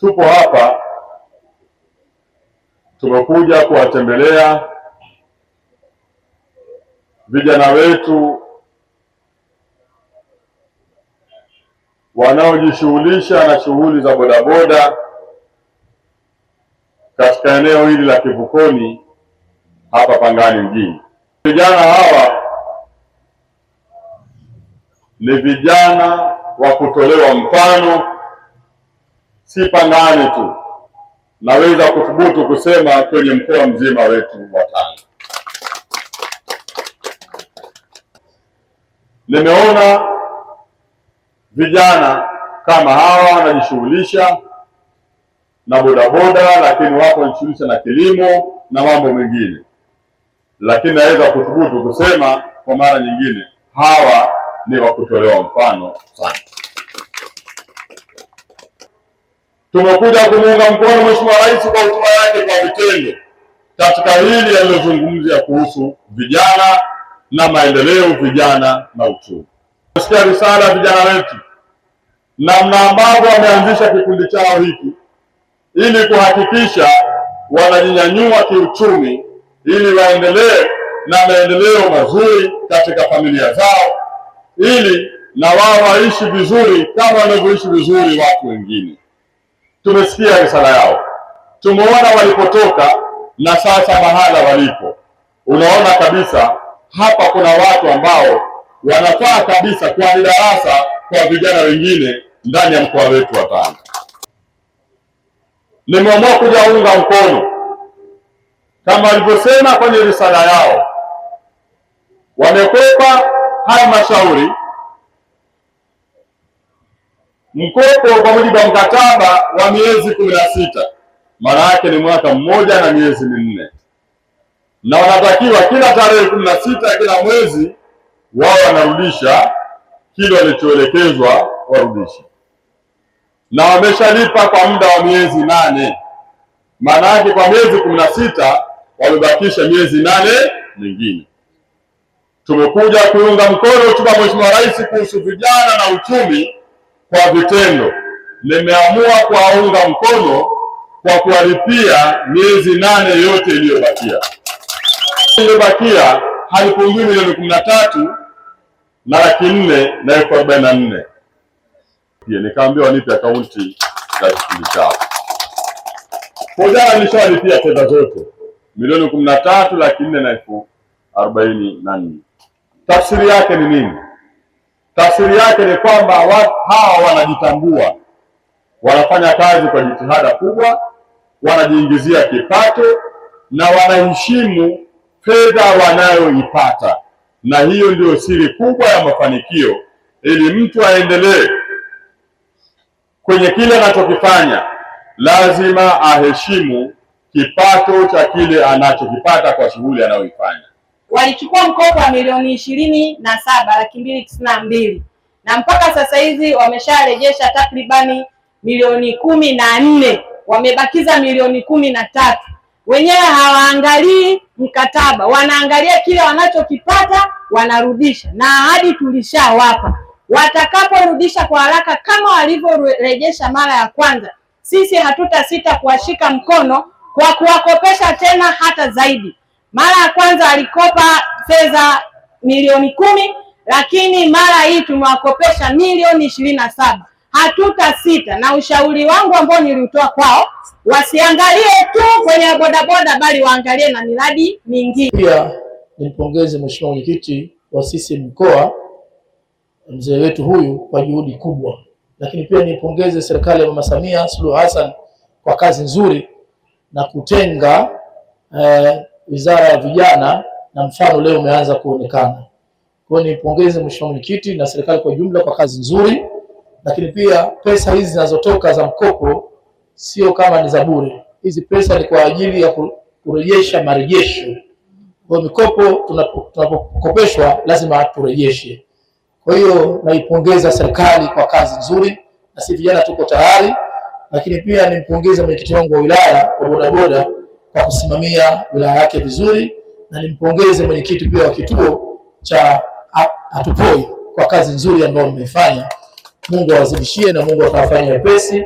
tupo hapa, tumekuja kuwatembelea vijana wetu wanaojishughulisha na shughuli za bodaboda katika eneo hili la Kivukoni hapa Pangani mjini. Vijana hawa ni vijana wa kutolewa mfano si Pangani tu, naweza kuthubutu kusema kwenye mkoa mzima wetu wa Tanga. Nimeona vijana kama hawa wanajishughulisha na bodaboda, lakini wapo wanajishughulisha na kilimo na mambo mengine, lakini naweza kuthubutu kusema kwa mara nyingine, hawa ni wa kutolewa mfano sana. Tumekuja kumuunga mkono Mheshimiwa Rais kwa hotuba yake kwa vitendo katika hili alilozungumzia kuhusu vijana na maendeleo, vijana na uchumi. Nasikia risala ya vijana wetu, namna ambavyo wameanzisha kikundi chao hiki ili kuhakikisha wanajinyanyua kiuchumi, ili waendelee na maendeleo mazuri katika familia zao, ili na wao waishi vizuri kama wanavyoishi vizuri watu wengine. Tumesikia risala yao, tumeona walipotoka na sasa mahala walipo. Unaona kabisa hapa kuna watu ambao wanafaa kabisa kuwa ni darasa kwa vijana wengine ndani ya mkoa wetu wa Tanga. Nimeamua kujaunga mkono kama walivyosema kwenye risala yao, wamekwepa halmashauri Mkopo kwa mujibu wa mkataba wa miezi kumi na sita, maana yake ni mwaka mmoja na miezi minne, na wanatakiwa kila tarehe kumi na sita kila mwezi wao wanarudisha kile walichoelekezwa warudishe, na wameshalipa kwa muda wa miezi nane. Maana yake kwa miezi kumi na sita wamebakisha miezi nane mingine. Tumekuja kuunga mkono hotuba Mheshimiwa Rais kuhusu vijana na uchumi kwa vitendo, nimeamua kuwaunga mkono kwa kuwalipia miezi nane yote iliyobakia. Iliyobakia halipungui milioni kumi na tatu na laki nne na elfu arobaini na nne. Nikaambiwa wanipe akaunti za kikundi chao. Kwa jana nilishawalipia fedha zote milioni kumi na tatu laki nne na elfu arobaini na nne. Tafsiri yake ni nini? Tafsiri yake ni kwamba hawa wanajitambua, wanafanya kazi kwa jitihada kubwa, wanajiingizia kipato na wanaheshimu fedha wanayoipata, na hiyo ndiyo siri kubwa ya mafanikio, ili mtu aendelee kwenye kile anachokifanya lazima aheshimu kipato cha kile anachokipata kwa shughuli anayoifanya walichukua mkopo wa milioni ishirini na saba laki mbili tisini na mbili na mpaka sasa hizi wamesharejesha takribani milioni kumi na nne wamebakiza milioni kumi na tatu Wenyewe hawaangalii mkataba, wanaangalia kile wanachokipata wanarudisha, na ahadi tulishawapa watakaporudisha kwa haraka kama walivyorejesha mara ya kwanza. Sisi hatutasita kuwashika mkono kwa kuwakopesha tena hata zaidi. Mara ya kwanza alikopa fedha milioni kumi, lakini mara hii tumewakopesha milioni ishirini na saba. Hatuta sita, na ushauri wangu ambao niliutoa kwao, wasiangalie tu kwenye bodaboda, bali waangalie na miradi mingine. Pia nimpongeze mheshimiwa mwenyekiti wa sisi mkoa mzee wetu huyu kwa juhudi kubwa, lakini pia nimpongeze serikali ya mama Samia Suluhu Hassan kwa kazi nzuri na kutenga eh, wizara ya vijana na mfano leo umeanza kuonekana. Kwa hiyo nipongeze mheshimiwa mwenyekiti na serikali kwa jumla kwa kazi nzuri, lakini pia pesa hizi zinazotoka za mkopo sio kama ni za bure. Hizi pesa ni kwa ajili ya kurejesha marejesho. Kwa mikopo tunapokopeshwa lazima turejeshe. Kwa hiyo naipongeza serikali kwa kazi nzuri, na sisi vijana tuko tayari, lakini pia nimpongeze mwenyekiti wangu wa wilaya wa bodaboda kwa kusimamia wilaya yake vizuri, na nimpongeze mwenyekiti pia wa kituo cha Atupoi kwa kazi nzuri ambayo mmeifanya. Mungu awazidishie na Mungu akawafanya wepesi.